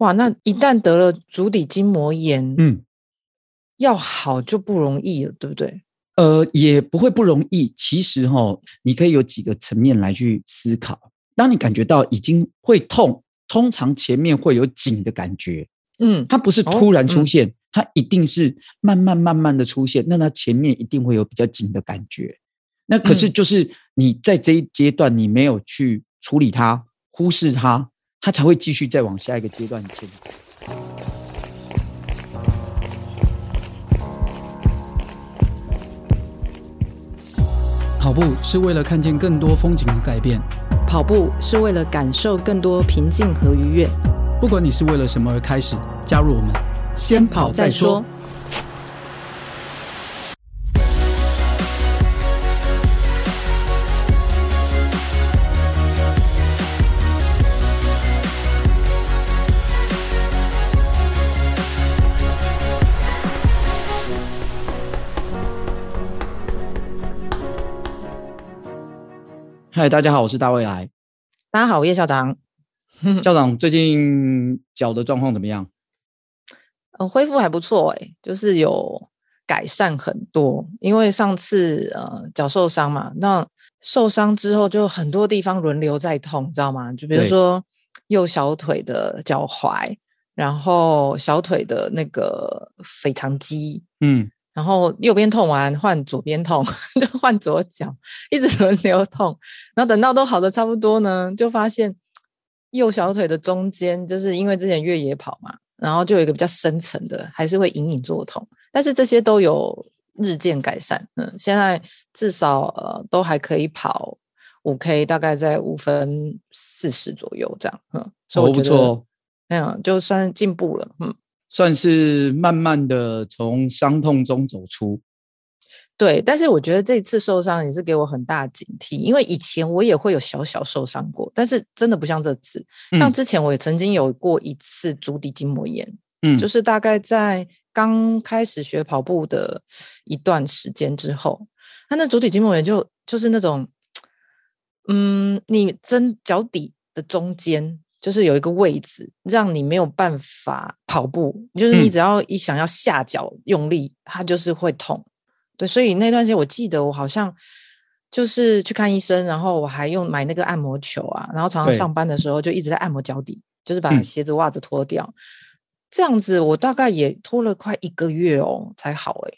哇，那一旦得了足底筋膜炎，嗯，要好就不容易了，對不對？呃，也不會不容易。其實哈、哦，你可以有幾個層面來去思考。當你感覺到已經會痛，通常前面會有緊的感覺，嗯，它不是突然出現，哦嗯、它一定是慢慢慢慢的出現，那它前面一定會有比較緊的感覺。那可是就是你在這一階段，你沒有去處理它，忽視它。他才會繼續再往下一個階段前進。跑步是為了看見更多風景而改變，跑步是為了感受更多平靜和愉悅。不管你是為了什麼而開始，加入我們，先跑再說。嗨、hey，大家好，我是大衛來。大家好，我葉校長。 校長最近腳的狀況怎麼樣？呃，恢復還不錯，哎，就是有改善很多。因為上次呃腳受傷嘛，那受傷之後就很多地方輪流在痛，你知道嗎？就比如說右小腿的腳踝，然後小腿的那個腓腸肌。嗯。然後右邊痛完換左邊痛， 就換左腳，一直輪流痛。然後等到都好的差不多呢，就發現右小腿的中間，就是因為之前越野跑嘛，然後就有一個比較深層的，還是會隱隱作痛。但是這些都有日漸改善，嗯，現在至少呃都還可以跑五 K，大概在五分四十左右這樣，嗯，所以我覺得，不錯。哎呀，就算進步了，嗯。算是慢慢的從傷痛中走出，對。但是我覺得這次受傷也是給我很大的警惕，因為以前我也會有小小受傷過，但是真的不像這次。像之前我也曾經有過一次足底筋膜炎，嗯，就是大概在剛開始學跑步的一段時間之後，那那足底筋膜炎就就是那種，嗯，你針腳底的中間。就是有一個位置讓你沒有辦法跑步，就是你只要一想要下腳用力，它、嗯、就是會痛。對，所以那段時間我記得我好像就是去看醫生，然後我還用買那個按摩球啊，然後常常上班的時候就一直在按摩腳底，就是把鞋子襪子脫掉、嗯，這樣子我大概也脫了快一個月哦才好哎、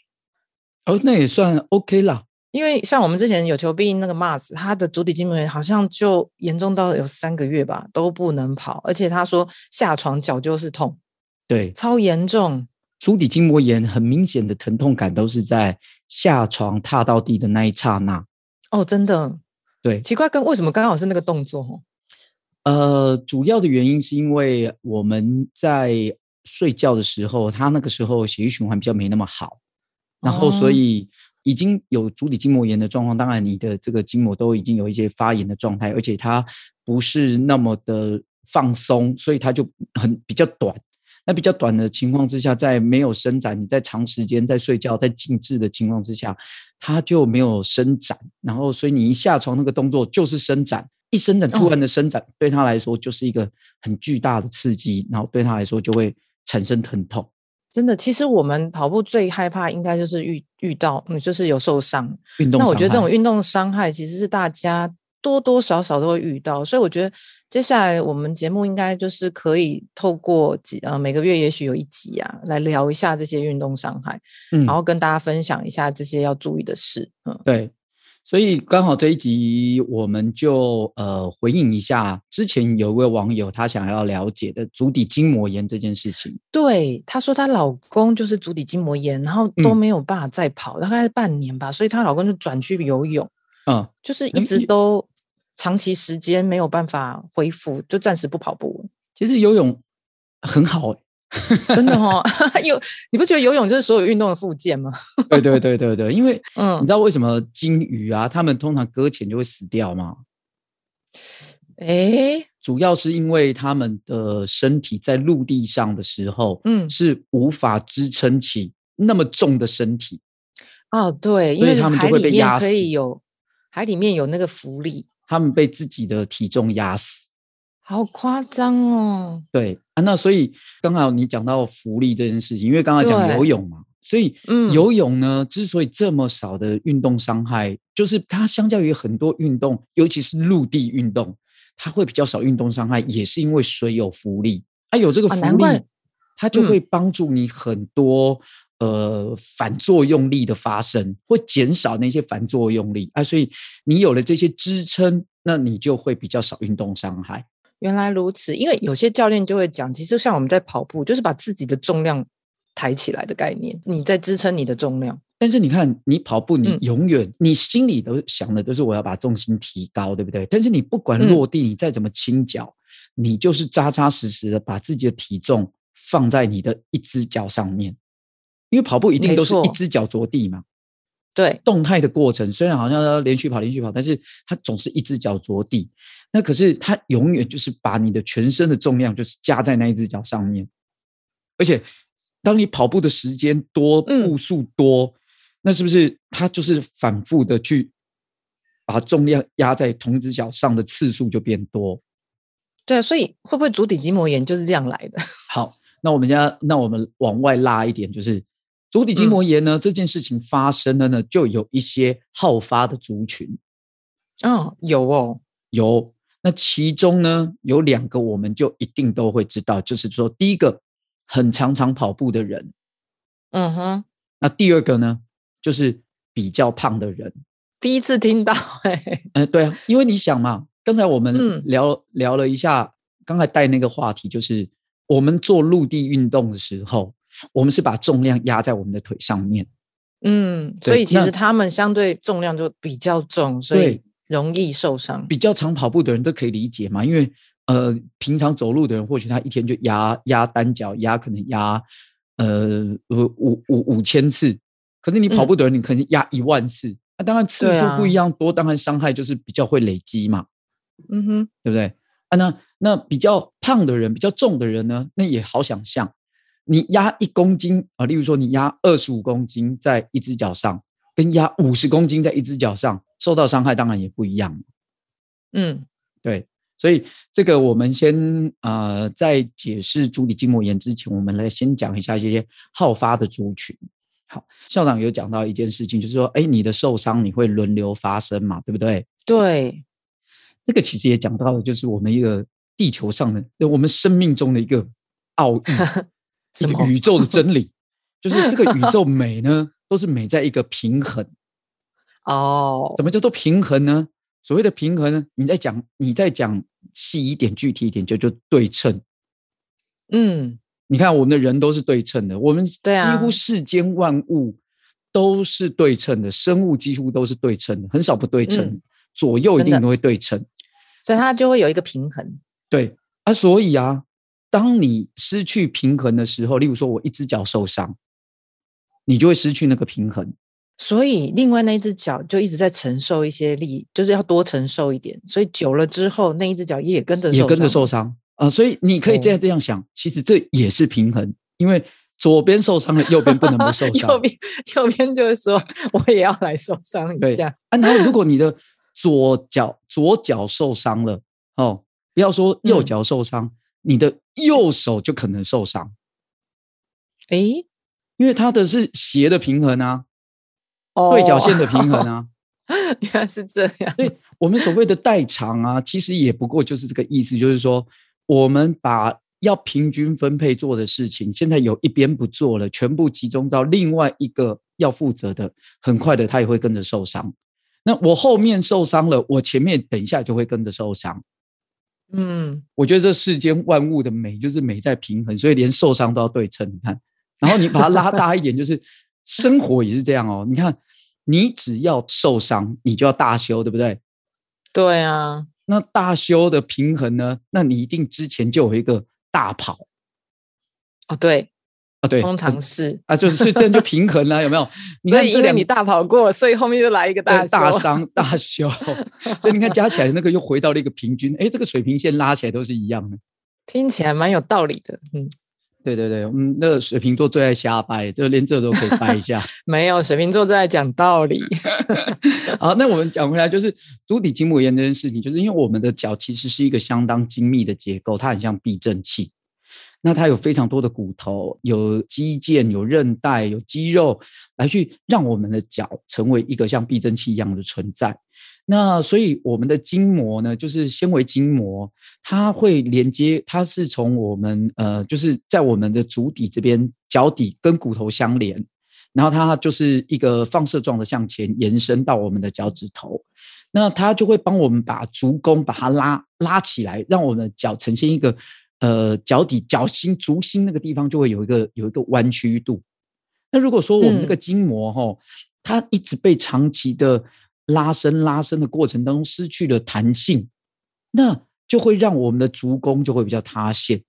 欸。哦，那也算 OK 啦。因為像我們之前有求必應那個 Mars，他的足底筋膜炎好像就嚴重到有三個月吧，都不能跑，而且他說下床腳就是痛，對，超嚴重。足底筋膜炎很明顯的疼痛感都是在下床踏到地的那一剎那。哦，真的，對，奇怪，跟為什麼剛，剛好是那個動作？呃，主要的原因是因為我們在睡覺的時候，他那個時候血液循環比較沒那麼好，然後所以、哦。已經有足底筋膜炎的狀況，當然你的這個筋膜都已經有一些發炎的狀態，而且它不是那麼的放鬆，所以它就很比較短。那比較短的情況之下，在沒有伸展，你在長時間在睡覺、在靜置的情況之下，它就沒有伸展。然後，所以你一下床那個動作就是伸展，一伸展突然的伸展，嗯、對他來說就是一個很巨大的刺激，然後對他來說就會產生疼痛。真的，其實我們跑步最害怕應該就是遇遇到，嗯，就是有受傷。運動傷害。那我覺得這種運動傷害其實是大家多多少少都會遇到，所以我覺得接下來我們節目應該就是可以透過幾呃每個月也許有一集啊來聊一下這些運動傷害，嗯，然後跟大家分享一下這些要注意的事。嗯，對。所以剛好這一集我們就呃回應一下，之前有一位網友他想要了解的足底筋膜炎這件事情。對，他說她老公就是足底筋膜炎，然後都沒有辦法再跑，嗯、大概是半年吧，所以她老公就轉去游泳。嗯，就是一直都長期時間沒有辦法恢復，就暫時不跑步。其實游泳很好，欸。 真的哦， 有你不覺得游泳就是所有運動的復健嗎？ 對對對對對，因為你知道為什麼鯨魚啊，他們通常擱淺就會死掉嗎？哎、欸，主要是因為他們的身體在陸地上的時候，嗯，是無法支撐起那麼重的身體。所以他們就會被壓死。嗯、哦，對，因為海裡面可以有，海裡面有那個浮力，他們被自己的體重壓死。好誇張哦！對啊，那所以剛好你講到浮力這件事情，因為剛剛講游泳嘛，所以游泳呢、嗯，之所以這麼少的運動傷害，就是它相較於很多運動，尤其是陸地運動，它會比較少運動傷害，也是因為水有浮力，哎、啊，有這個浮力、啊，它就會幫助你很多、嗯、呃，反作用力的發生，會減少那些反作用力啊，所以你有了這些支撐，那你就會比較少運動傷害。原來如此，因為有些教練就會講，其實像我們在跑步，就是把自己的重量抬起來的概念，你在支撐你的重量。但是你看，你跑步，你永遠、嗯、你心裡都想的都是我要把重心提高，對不對？但是你不管落地，嗯、你再怎麼輕腳，你就是扎扎實實的把自己的體重放在你的一只腳上面，因為跑步一定都是一只腳着地嘛。對動態的過程，雖然好像要連續跑、連續跑，但是它總是一只腳着地。那可是它永遠就是把你的全身的重量就是加在那一只腳上面。而且，當你跑步的時間多、嗯、步數多，那是不是它就是反覆的去把重量壓在同一只腳上的次數就變多？對、啊，所以會不會足底筋膜炎就是這樣來的？好，那我們家，那我們往外拉一點，就是。足底筋膜炎呢、嗯、這件事情發生了呢，就有一些好發的族群。哦，有哦，有。那其中呢，有兩個我們就一定都會知道，就是說，第一個很常常跑步的人。嗯哼。那第二個呢，就是比較胖的人。第一次聽到、欸，哎。嗯，對啊，因為你想嘛，剛才我們聊、嗯、聊了一下，剛才帶那個話題，就是我們做陸地運動的時候。我們是把重量壓在我們的腿上面，嗯，所以其實他們相對重量就比較重，所以容易受傷。比較常跑步的人都可以理解嘛，因為呃，平常走路的人或許他一天就壓壓單腳壓，壓可能壓呃五五五千次，可是你跑步的人你可能壓一萬次，那、嗯啊、當然次數不一樣多，啊、當然傷害就是比較會累積嘛，嗯哼，對不對？啊，那那比較胖的人、比較重的人呢，那也好想象。你壓一公斤啊、呃，例如說你壓二十五公斤在一隻腳上，跟壓五十公斤在一隻腳上受到傷害當然也不一樣。嗯，對，所以這個我們先呃，在解釋足底筋膜炎之前，我們來先講一下這些好發的族群。好，校長有講到一件事情，就是說，哎，你的受傷你會輪流發生嘛，對不對？對，這個其實也講到了，就是我們一個地球上的，我們生命中的一個奧秘。 這個宇宙的真理， 就是這個宇宙美呢， 都是美在一個平衡。哦，怎麼叫做平衡呢？所謂的平衡呢，你再講，你再講細一點、具體一點，就就對稱。嗯，你看我們的人都是對稱的，我們幾乎世間萬物都是對稱的，啊、生物幾乎都是對稱的，很少不對稱，嗯、左右一定都會對稱，所以它就會有一個平衡。對，啊，所以啊。當你失去平衡的時候，例如說，我一隻腳受傷，你就會失去那個平衡，所以另外那一隻腳就一直在承受一些力，就是要多承受一點。所以久了之後，那一隻腳也跟着也跟着受傷啊、呃。所以你可以這樣這樣想，嗯、其實這也是平衡，因為左邊受傷了，右邊不能不受傷。 右邊右邊就是說，我也要來受傷一下。啊，那如果你的左腳 左腳受傷了哦，不要說右腳受傷。嗯你的右手就可能受傷，哎，因為它的是斜的平衡啊，對角線的平衡啊，原來是這樣。所以我們所謂的代償啊，其實也不過就是這個意思，就是說我們把要平均分配做的事情，現在有一邊不做了，全部集中到另外一個要負責的，很快的他也會跟着受傷。那我後面受傷了，我前面等一下就會跟着受傷。嗯，我覺得這世間萬物的美就是美在平衡，所以連受傷都要對稱。你看，然後你把它拉大一點， 就是生活也是這樣哦。你看，你只要受傷，你就要大休，對不對？對啊，那大休的平衡呢？那你一定之前就有一個大跑。哦，對。啊，對，通常是、嗯、啊，就是所以這樣就平衡了， 有沒有？你看，因為你大跑過，所以後面就來一個大小大傷大消， 所以你看加起來那個又回到了一個平均。哎、 欸，這個水平線拉起來都是一樣的，聽起來蠻有道理的。嗯，對對對、嗯，那個水瓶座最愛瞎掰，就連這都可以掰一下。 沒有，水瓶座最愛講道理。 好，那我們講回來，就是足底筋膜炎這件事情，就是因為我們的腳其實是一個相當精密的結構，它很像避震器。那它有非常多的骨頭，有肌腱，有韌帶，有肌肉，來去讓我們的腳成為一個像避震器一樣的存在。那所以我們的筋膜呢，就是纖維筋膜，它會連接，它是從我們呃，就是在我們的足底這邊，腳底跟骨頭相連，然後它就是一個放射狀的向前延伸到我們的腳趾頭。那它就會幫我們把足弓把它拉拉起來，讓我們的腳呈現一個。呃，腳底、腳心、足心那個地方就會有一個有一個彎曲度。那如果說我們這個筋膜哈、嗯，它一直被長期的拉伸，拉伸的過程當中失去了彈性，那就會讓我們的足弓就會比較塌陷。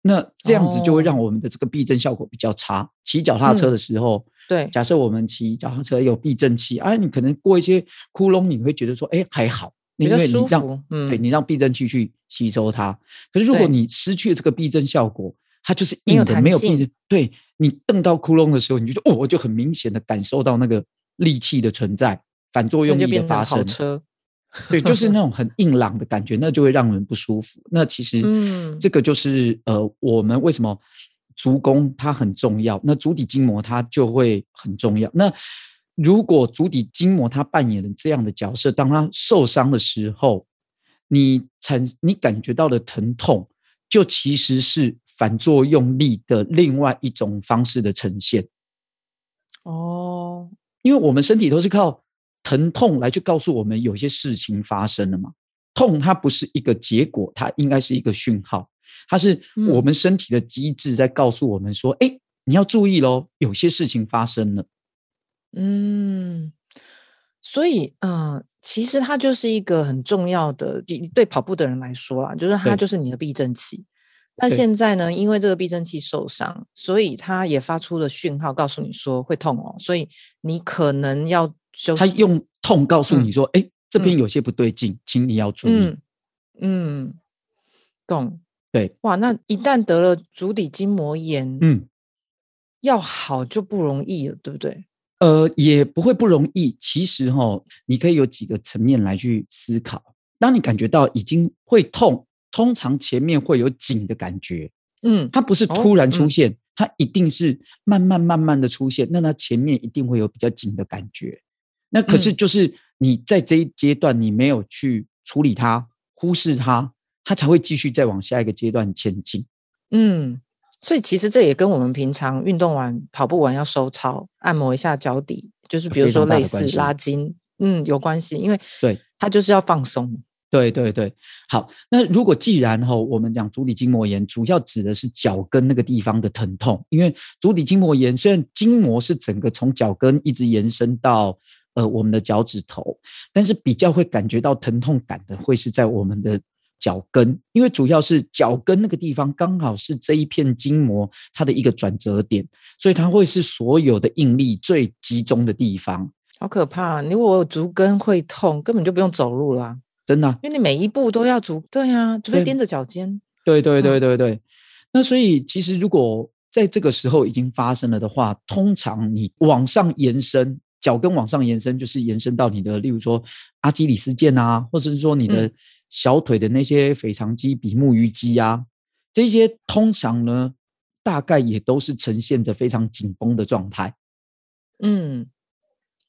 那這樣子就會讓我們的這個避震效果比較差。騎、哦、腳踏車的時候，嗯、對，假設我們騎腳踏車有避震器，啊，你可能過一些窟窿，你會覺得說，哎、欸，還好。因為你讓，嗯，對，你讓避震器去吸收它。可是如果你失去了這個避震效果，它就是硬的因為沒有避震。對，你瞪到窟窿的時候，你就哦，我就很明顯的感受到那個力氣的存在，反作用力的發生。對，就是那種很硬朗的感覺， 那就會讓人不舒服。那其實，這個就是呃，我們為什麼足弓它很重要，那足底筋膜它就會很重要。那如果足底筋膜它扮演了這樣的角色，當它受傷的時候，你才，你感覺到的疼痛，就其實是反作用力的另外一種方式的呈現。哦，因為我們身體都是靠疼痛來去告訴我們有些事情發生了嘛。痛它不是一個結果，它應該是一個訊號，它是我們身體的機制在告訴我們說：哎，嗯，你要注意咯，有些事情發生了。嗯，所以嗯、呃，其實它就是一個很重要的，對對，跑步的人來說啊，就是它就是你的避震器。那現在呢，因為這個避震器受傷，所以它也發出了訊號，告訴你說會痛哦，所以你可能要休息。他用痛告訴你說，哎、嗯欸，這邊有些不對勁，嗯、請你要注意嗯。嗯，懂。對，哇，那一旦得了足底筋膜炎，嗯，要好就不容易了，對不對？呃，也不會不容易。其實哈、哦，你可以有幾個層面來去思考。當你感覺到已經會痛，通常前面會有緊的感覺。嗯，它不是突然出現，哦嗯、它一定是慢慢慢慢的出現，那它前面一定會有比較緊的感覺。那可是就是你在這一階段，你沒有去處理它，忽視它，它才會繼續再往下一個階段前進。嗯。所以其實這也跟我們平常運動完、跑步完要收操、按摩一下腳底，就是比如說類似拉筋，嗯，有關係，因為對，它就是要放鬆。對。對對對，好。那如果既然吼、哦，我們講足底筋膜炎，主要指的是腳跟那個地方的疼痛，因為足底筋膜炎雖然筋膜是整個從腳跟一直延伸到呃我們的腳趾頭，但是比較會感覺到疼痛感的會是在我們的。腳跟，因為主要是腳跟那個地方剛好是這一片筋膜它的一個轉折點，所以它會是所有的應力最集中的地方。好可怕啊！如果我足跟會痛，根本就不用走路了啊。真的啊？因為你每一步都要足，對呀、啊，除非踮着腳尖。對對對對對。嗯。那所以其實如果在這個時候已經發生了的話，通常你往上延伸，腳跟往上延伸就是延伸到你的，例如說阿基里斯腱啊，或者是說你的。嗯。小腿的那些腓腸肌、比目魚肌啊，這些通常呢，大概也都是呈現着非常緊繃的狀態。嗯，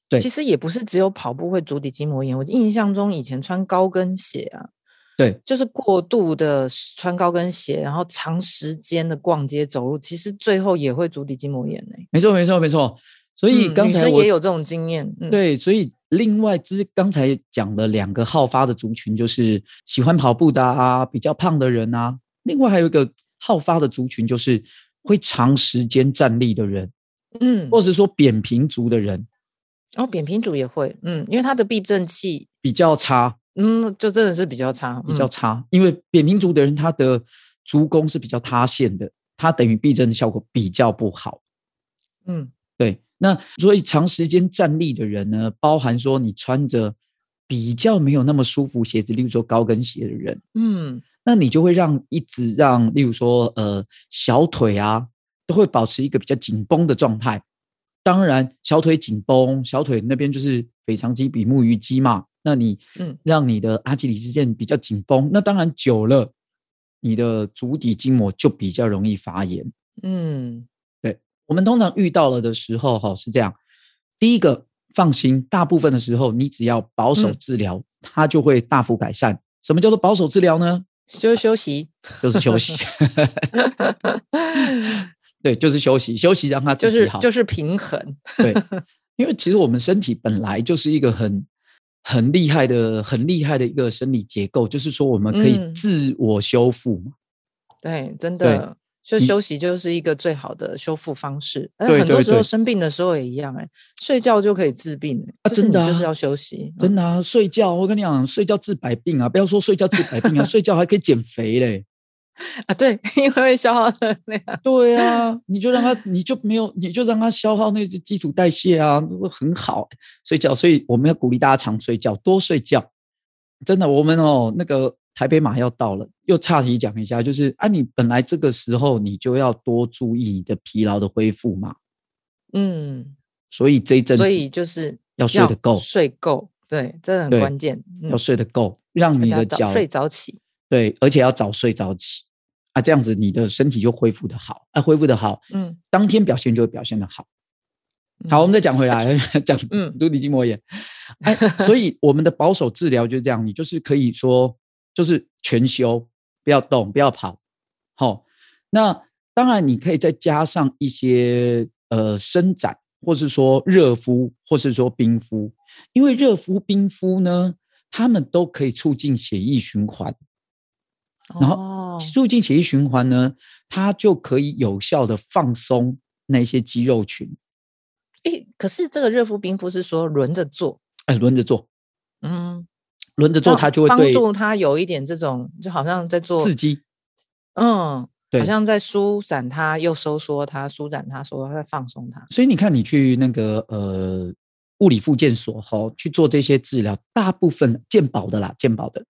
對，其實也不是只有跑步會足底筋膜炎，我印象中以前穿高跟鞋啊，對，就是過度的穿高跟鞋，然後長時間的逛街走路，其實最後也會足底筋膜炎欸。沒錯，沒錯，沒錯。所以剛才我、嗯、也有這種經驗、嗯，對。所以另外，之剛才講了兩個好發的族群，就是喜歡跑步的啊，比較胖的人啊。另外還有一個好發的族群，就是會長時間站立的人，嗯，或者說扁平足的人。哦，扁平足也會，嗯，因為他的避震器比較差，嗯，就真的是比較差，嗯、比較差。因為扁平足的人，他的足弓是比較塌陷的，他等於避震的效果比較不好，嗯，對。那所以長時間站立的人呢，包含說你穿着比較沒有那麼舒服鞋子，例如說高跟鞋的人，嗯，那你就會讓一直讓，例如說呃小腿啊都會保持一個比較緊繃的狀態。當然小腿緊繃，小腿那邊就是腓腸肌、比目魚肌嘛。那你嗯，讓你的阿基里斯腱比較緊繃，那當然久了，你的足底筋膜就比較容易發炎。嗯。我們通常遇到了的時候，哈是這樣。第一個，放心，大部分的時候你只要保守治療、嗯，它就會大幅改善。什麼叫做保守治療呢？休休息，啊、就是休息。 對，就是休息，休息讓它就是就是平衡。 對，因為其實我們身體本來就是一個很很厲害的、很厲害的一個生理結構，就是說我們可以自我修復、嗯、對，真的。就休息就是一個最好的修復方式，哎，很多時候生病的時候也一樣、欸，哎，睡覺就可以治病、欸，啊，真、就、的、是、就是要休息，真的，、啊嗯真的啊，睡覺，我跟你講，睡覺治百病啊，不要說睡覺治百病啊， 睡覺還可以減肥嘞、欸，啊，對，因為消耗能量，對啊，你就讓他，你就沒有，你就讓他消耗那些基礎代謝啊，很好、欸，睡覺，所以我們要鼓勵大家常睡覺，多睡覺，真的，我們哦、喔，那個。台北馬要到了，又岔題講一下，就是啊，你本來這個時候你就要多注意你的疲勞的恢復嘛，嗯，所以這一陣子，所以就是要睡得夠，睡夠，對，這很關鍵、嗯，要睡得夠，讓你的腳早睡早起，對，而且要早睡早起，啊，這樣子你的身體就恢復得好，啊，恢復得好，嗯，當天表現就會表現得好，好，我、嗯、們再講回來、啊、 講，嗯，足底筋膜炎，啊、 所以我們的保守治療就是這樣，你就是可以說。就是全休，不要動，不要跑，好、哦。那當然，你可以再加上一些呃伸展，或是說熱敷，或是說冰敷，因為熱敷、冰敷呢，它們都可以促進血液循環。哦、然後促進血液循環呢，它就可以有效地放鬆那些肌肉群。誒、欸，可是這個熱敷、冰敷是說輪着做？哎、欸，輪着做。嗯。輪着做，它就會幫助他有一點這種，就好像在做刺激，嗯，對，好像在舒展它，又收縮它，舒展它，所以它再放鬆它。所以你看，你去那個呃物理復健所吼、哦、去做這些治療，大部分健保的啦，健保的，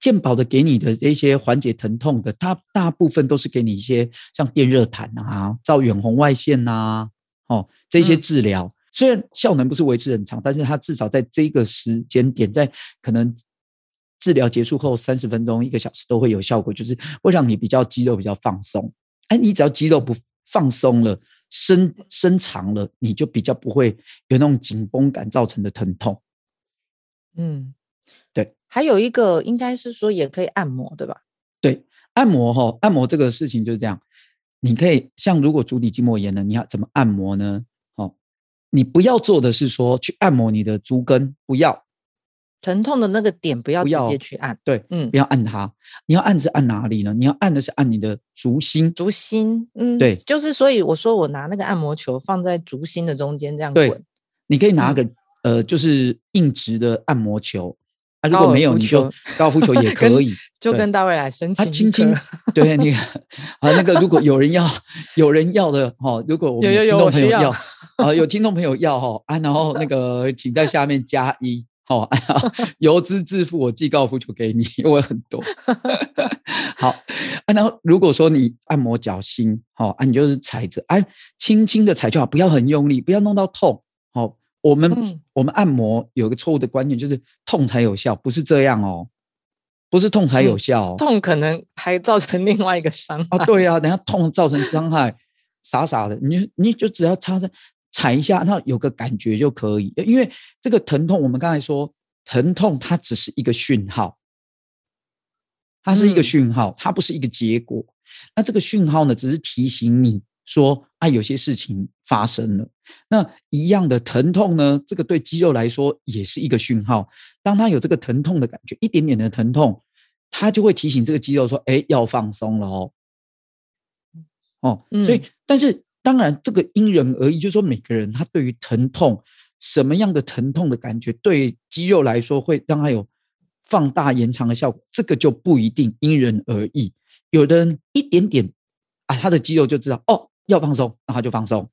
健保的給你的這些緩解疼痛的，它大部分都是給你一些像電熱毯啊、照遠紅外線吶、啊，哦，這些治療、嗯，雖然效能不是維持很長，但是它至少在這個時間點，在可能。治療結束後三十分鐘一個小時都會有效果，就是會讓你比較肌肉比較放鬆。哎，你只要肌肉不放鬆了、伸伸長了，你就比較不會有那種緊繃感造成的疼痛。嗯，對。還有一個，應該是說也可以按摩，對吧？對，按摩哈、哦，按摩這個事情就是這樣。你可以像如果足底筋膜炎呢，你要怎麼按摩呢？好、哦，你不要做的是說去按摩你的足跟，不要。疼痛的那個點不要直接去按，對，嗯，不要按它。你要按是按哪裡呢？你要按的是按你的足心。足心，嗯，對，就是所以我說我拿那個按摩球放在足心的中間這樣滾。對，你可以拿個、嗯、呃，就是硬質的按摩球啊，如果沒有，你就高爾夫球也可以，跟就跟大衛來申請。啊，輕輕， 對，你啊，那個如果有人要， 有人要的哈、哦，如果有聽眾朋友要，有有有要啊，有聽眾朋友要哈啊， 啊，然後那個請在下面加一。 哦，由資致富，我寄高爾夫球給你，因為很多。 好，那、啊、如果說你按摩腳心，好、啊，你就是踩着，哎、啊，輕輕的踩就好，不要很用力，不要弄到痛。好、哦，我們、嗯、我們按摩有一個錯誤的觀念，就是痛才有效，不是這樣哦，不是痛才有效，嗯、痛可能還造成另外一個傷害、啊、對呀、啊，等下痛造成傷害， 傻傻的，你你就只要擦着。踩一下，那有個感覺就可以，因為這個疼痛，我們剛才說疼痛它只是一個訊號，它是一個訊號，它不是一個結果。嗯、那這個訊號呢，只是提醒你說，哎、啊，有些事情發生了。那一樣的疼痛呢，這個對肌肉來說也是一個訊號。當它有這個疼痛的感覺，一點點的疼痛，它就會提醒這個肌肉說，哎，要放鬆了哦。哦，嗯、所以，但是。當然，這個因人而異，就是說每個人他對於疼痛什麼樣的疼痛的感覺，對肌肉來說會讓他有放大延長的效果，這個就不一定因人而異。有的人一點點啊，他的肌肉就知道哦要放鬆，然後就放鬆；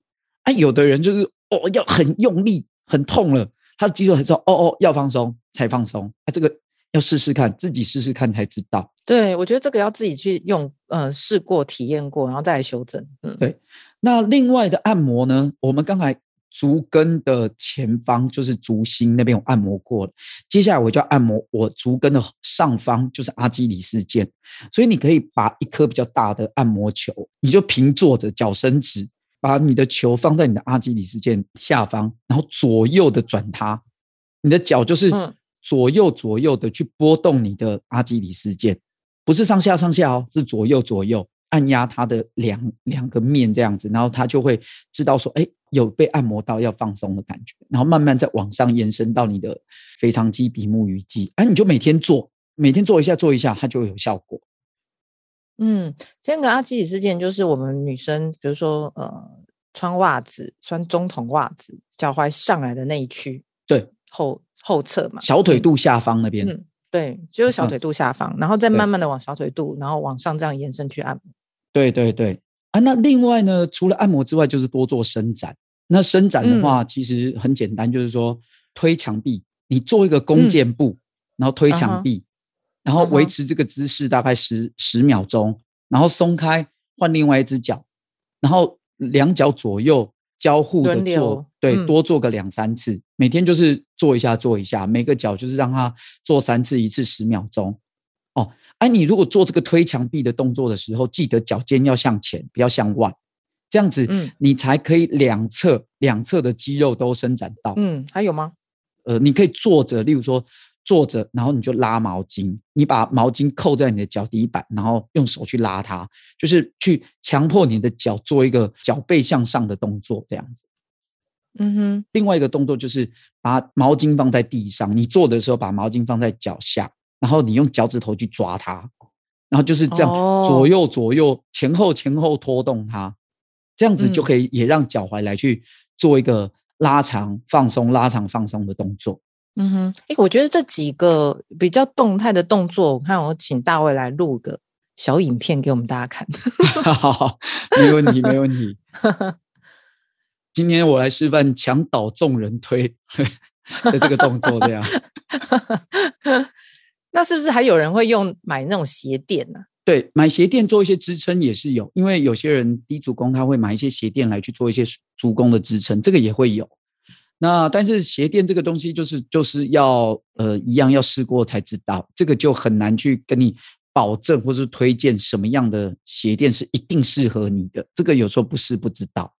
啊，有的人就是哦要很用力，很痛了，他的肌肉才知道哦哦要放鬆才放鬆。他、啊、這個要試試看，自己試試看才知道。對，我覺得這個要自己去用，嗯、呃，試過體驗過，然後再來修正。嗯，對。那另外的按摩呢？我們剛才足跟的前方就是足心那邊我按摩過了，接下來我就要按摩我足跟的上方，就是阿基里斯腱。所以你可以把一顆比較大的按摩球，你就平坐着，腳伸直，把你的球放在你的阿基里斯腱下方，然後左右的轉它，你的腳就是左右左右的去撥動你的阿基里斯腱，不是上下上下哦，是左右左右。按壓它的兩兩個面這樣子，然後它就會知道說，哎，有被按摩到要放鬆的感覺，然後慢慢再往上延伸到你的腓腸肌、比目魚肌，哎、啊，你就每天做，每天做一下，做一下，它就會有效果。嗯，這個阿基里斯腱就是我們女生，比如說呃，穿襪子，穿中筒襪子，腳踝上來的那一區，對，後後側嘛，小腿肚下方那邊，嗯，對，只有小腿肚下方，嗯，然後再慢慢的往小腿肚，然後往上這樣延伸去按摩。對對對，啊，那另外呢，除了按摩之外，就是多做伸展。那伸展的話，嗯、其實很簡單，就是說推牆壁，你做一個弓箭步，嗯、然後推牆壁、嗯，然後維持這個姿勢大概十、嗯、十秒鐘，然後鬆開，換另外一隻腳，然後兩腳左右交互的做，對、嗯，多做個兩三次，每天就是做一下做一下，每個腳就是讓它做三次，一次十秒鐘。哎、啊，你如果做這個推牆壁的動作的時候，記得腳尖要向前，不要向外，這樣子，你才可以兩側、嗯、兩側的肌肉都伸展到。嗯，還有嗎？呃，你可以坐着，例如說坐着，然後你就拉毛巾，你把毛巾扣在你的腳底板，然後用手去拉它，就是去強迫你的腳做一個腳背向上的動作，這樣子。嗯哼。另外一個動作就是把毛巾放在地上，你坐的時候把毛巾放在腳下。.然後你用腳趾頭去抓它，然後就是這樣、oh. 左右左右，前後前後，拖動它，這樣子就可以也讓腳踝來去做一個拉長、嗯、放鬆，拉長放鬆的動作。嗯哼，哎，我覺得這幾個比較動態的動作，我看我請大衛來錄個小影片給我們大家看。 好好，沒問題，沒問題。 今天我來示範“牆倒眾人推”， 就這個動作這樣。 那是不是還有人會用買那種鞋墊呢？啊？對，買鞋墊做一些支撐也是有，因為有些人低足弓他會買一些鞋墊來去做一些足弓的支撐，這個也會有。那但是鞋墊這個東西就是就是要呃一樣要試過才知道，這個就很難去跟你保證或是推薦什麼樣的鞋墊是一定適合你的，這個有時候不試不知道。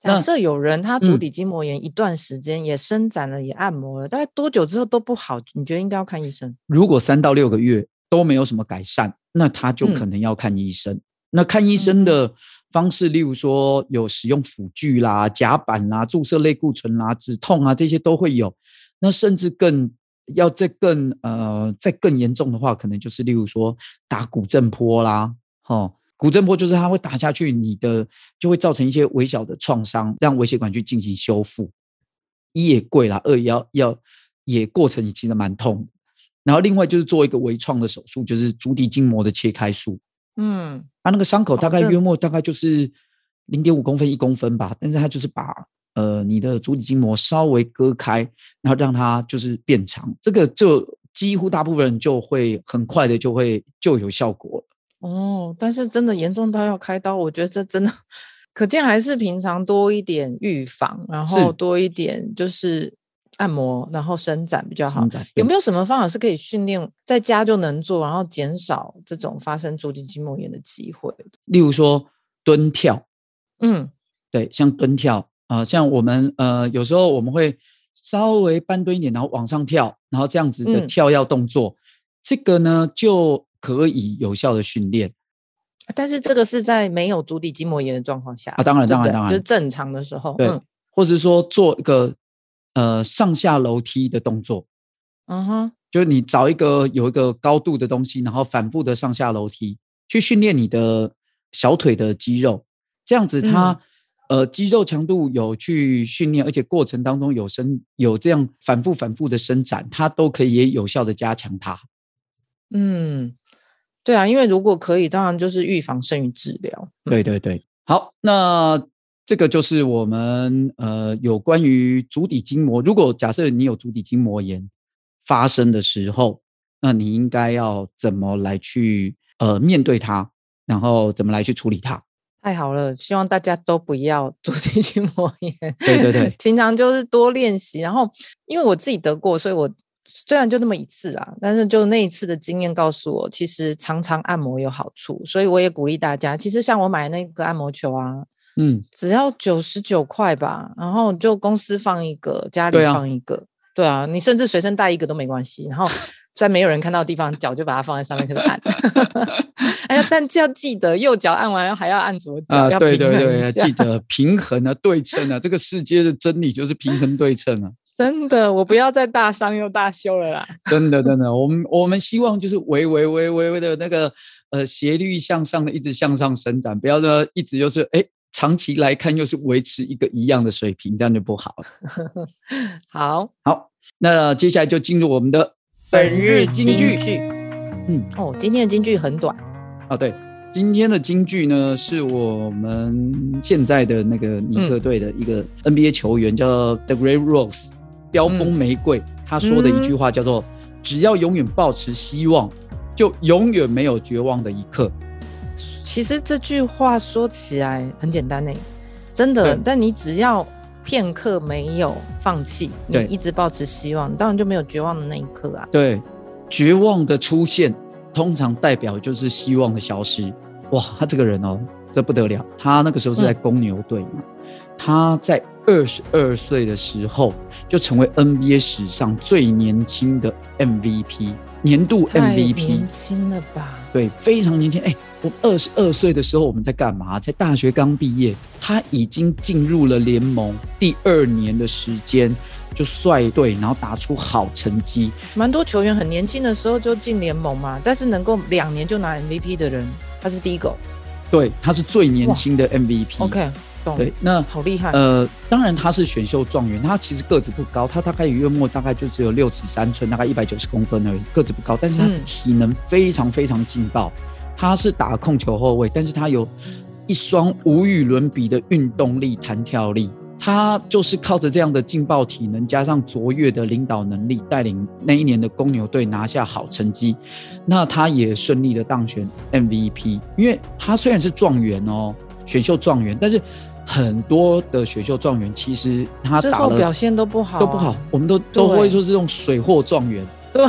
假設有人他足底筋膜炎一段時間也伸展了、嗯、也按摩了，大概多久之後都不好？你覺得應該要看醫生？如果三到六個月都沒有什麼改善，那他就可能要看醫生。嗯、那看醫生的方式，例如說有使用輔具啦、夾板啦、注射類固醇啦、止痛啊這些都會有。那甚至更要再更呃再更嚴重的話，可能就是例如說打骨震波啦，吼。骨震波就是它會打下去，你的就會造成一些微小的創傷，讓微血管去進行修復。一也貴啦，二也要要也過程也其實蠻痛。然後另外就是做一個微創的手術，就是足底筋膜的切開術。嗯，它那個傷口大概約莫大概就是零點五公分一公分吧，但是它就是把呃你的足底筋膜稍微割開，然後讓它就是變長。這個就幾乎大部分人就會很快的就會就有效果。哦，但是真的嚴重到要開刀，我覺得這真的可見還是平常多一點預防，然後多一點就是按摩，然後伸展比較好。有沒有什麼方法是可以訓練在家就能做，然後減少這種發生足底筋膜炎的機會？例如說蹲跳，嗯，對，像蹲跳啊、呃，像我們呃，有時候我們會稍微半蹲一點，然後往上跳，然後這樣子的跳躍動作、嗯，這個呢就。可以有效的訓練，但是這個是在沒有足底筋膜炎的狀況下啊，當然當然當然，就是正常的時候，對，嗯、或者是說做一個呃上下樓梯的動作，嗯哼，就是你找一個有一個高度的東西，然後反覆的上下樓梯去訓練你的小腿的肌肉，這樣子它、嗯、呃肌肉強度有去訓練，而且過程當中有伸有這樣反覆反覆的伸展，它都可以也有效的加強它，嗯。對啊，因為如果可以，當然就是預防勝於治療。嗯、對對對，好，那這個就是我們呃有關於足底筋膜。如果假設你有足底筋膜炎發生的時候，那你應該要怎麼來去呃面對它，然後怎麼來去處理它？太好了，希望大家都不要足底筋膜炎。 對對對，平常就是多練習，然後因為我自己得過，所以我。雖然就那麼一次啊，但是就那一次的經驗告訴我，其實常常按摩有好處，所以我也鼓勵大家。其實像我買那個按摩球啊，嗯，只要九十九塊吧，然後就公司放一個，家裡放一個，對啊，對啊，你甚至隨身帶一個都沒關係。然後在沒有人看到的地方，腳 就把它放在上面可以按。 哎呀，但要記得右腳按完還要按左腳，啊、要平衡一下。對對對對，記得平衡啊，對稱啊，這個世界的真理就是平衡對稱啊。 真的，我不要再大傷又大修了啦！ 真的，真的，我們我們希望就是微微微微微的那個呃斜率，向上的，一直向上伸展，不要呢，一直就是哎、欸，長期來看又是維持一個一樣的水平，這樣就不好了。 好好，那接下來就進入我們的本日金句。嗯，哦，今天的金句很短啊。對，今天的金句呢，是我們現在的那個尼克隊的一個 NBA 球員，嗯、叫 Derrick Rose 飆風玫瑰、嗯，他說的一句話叫做：“嗯、只要永遠抱持希望，就永遠沒有絕望的一刻。”其實這句話說起來很簡單呢、欸，真的。但你只要片刻沒有放棄，你一直抱持希望，當然就沒有絕望的那一刻啊。對，絕望的出現通常代表就是希望的消失。哇，他這個人哦、喔，這不得了。他那個時候是在公牛隊、嗯、他在。二十二歲的時候就成為 NBA 史上最年輕的 MVP，年度 MVP，太年輕了吧？對，非常年輕。哎、欸，我二十二歲的時候我們在幹嘛？在大學剛畢業，他已經進入了聯盟第二年的時間就率隊，然後打出好成績。蠻多球員很年輕的時候就進聯盟嘛，但是能夠兩年就拿 MVP 的人，他是第一個。對，他是最年輕的 MVP。OK。對，那好厲害。呃，當然他是選秀狀元，他其實個子不高，他大概月末大概就只有六尺三寸，大概一百九十公分而已，個子不高，但是他的體能非常非常勁爆、嗯。他是打控球後衛，但是他有一雙無與倫比的運動力、彈跳力。他就是靠着這樣的勁爆體能，加上卓越的領導能力，帶領那一年的公牛隊拿下好成績，那他也順利的當選 MVP。因為他雖然是狀元哦，選秀狀元，但是。很多的選秀狀元，其實他之後表現都不好，都不好。我們都都會說是這種水貨狀元，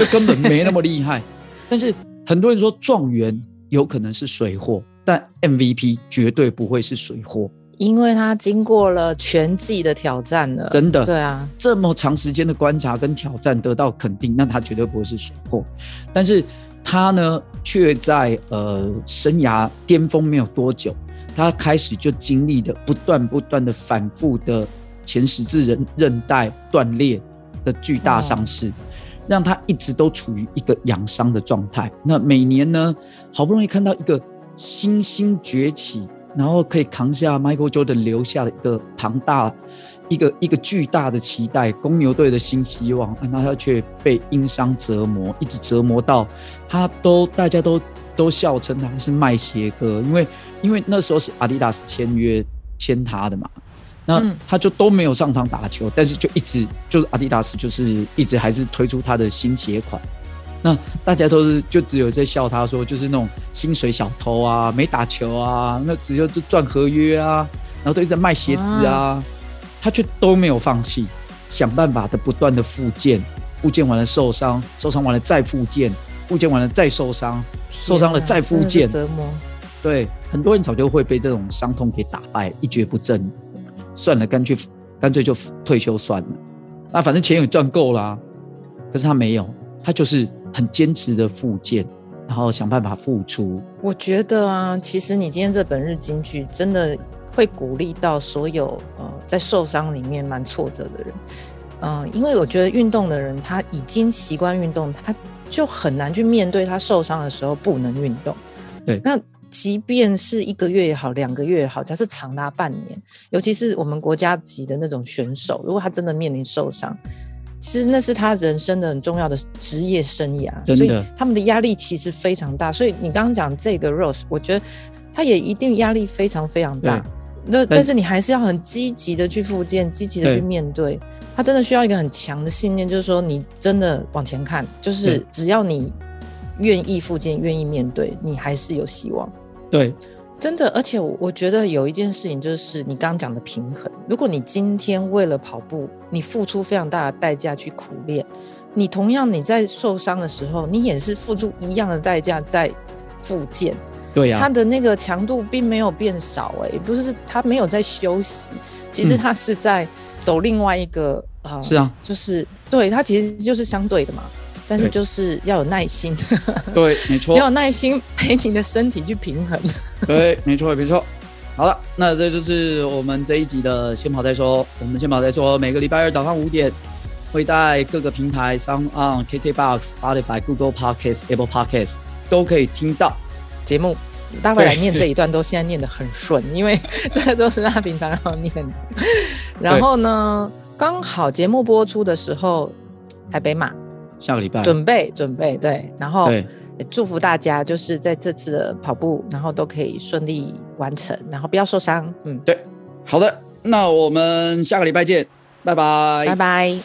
根本沒那麼厲害。 但是很多人說狀元有可能是水貨，但 MVP 絕對不會是水貨，因為他經過了全季的挑戰了，真的，對啊，這麼長時間的觀察跟挑戰得到肯定，那他絕對不會是水貨。但是他呢，卻在呃生涯巔峰，沒有多久。他開始就經歷的不斷不斷的反覆的前十字韌韌帶斷裂的巨大傷勢，嗯，讓他一直都處於一個養傷的狀態。那每年呢，好不容易看到一個新星、星崛起，然後可以扛下 Michael Jordan 留下的一個龐大、一個一個巨大的期待，公牛隊的新希望。那他卻被因傷折磨，一直折磨到他都大家都，都笑稱他是賣鞋哥，因為因為那時候是 Adidas 簽約簽他的嘛，那他就都沒有上場打球，嗯、但是就一直就是 Adidas 就是一直還是推出他的新鞋款，那大家都是就只有在笑他說就是那種薪水小偷啊，沒打球啊，那只有就賺合約啊，然後都一直在賣鞋子啊，他卻都沒有放棄，想辦法的不斷的復健，復健完了受傷，受傷完了再復健。復健完了再受傷，受傷了再復健，啊、折磨。對，很多人早就會被這種傷痛給打敗，一蹶不振。嗯、算了，乾脆乾脆就退休算了。那反正錢也賺夠了，啊。可是他沒有，他就是很堅持的復健，然後想辦法復出。我覺得啊，其實你今天這本日金句真的會鼓勵到所有呃在受傷裡面蠻挫折的人。嗯、呃，因為我覺得運動的人他已經習慣運動，他。就很難去面對他受傷的時候不能運動。對，那即便是一個月也好，兩個月也好，假設長達半年。尤其是我們國家級的那種選手，如果他真的面臨受傷，其實那是他人生的很重要的職業生涯。真的。所以他們的壓力其實非常大。所以你剛剛講這個 Rose，我覺得他也一定壓力非常非常大。那但是你還是要很積極的去復健，積、欸、極的去面對。它真的需要一個很強的信念，就是說你真的往前看，就是只要你願意復健，願意面對，你還是有希望。對，真的。而且我，我覺得有一件事情就是你剛剛講的平衡。如果你今天為了跑步，你付出非常大的代價去苦練，你同樣你在受傷的時候，你也是付出一樣的代價在復健。對呀、啊，它的那個強度並沒有變少、欸，哎，不是，它沒有在休息，其實它是在走另外一個啊、嗯呃，是啊，就是對，它其實就是相對的嘛，但是就是要有耐心對。呵呵，對，沒錯，要有耐心陪你的身體去平衡，對，沒錯， 沒錯，沒錯。好了，那這就是我們這一集的先跑再說，我們先跑再說，每個禮拜二早上五點會在各個平台上啊，K T Box、Spotify、Google Podcast、Apple Podcast 都可以聽到。節目，大會來念這一段都現在念得很順，因為這都是他平常要念的。然後呢，剛好節目播出的時候，台北馬下個禮拜準備準備，對，然後祝福大家就是在這次的跑步，然後都可以順利完成，然後不要受傷。嗯，對，好的，那我們下個禮拜見，拜拜，拜拜。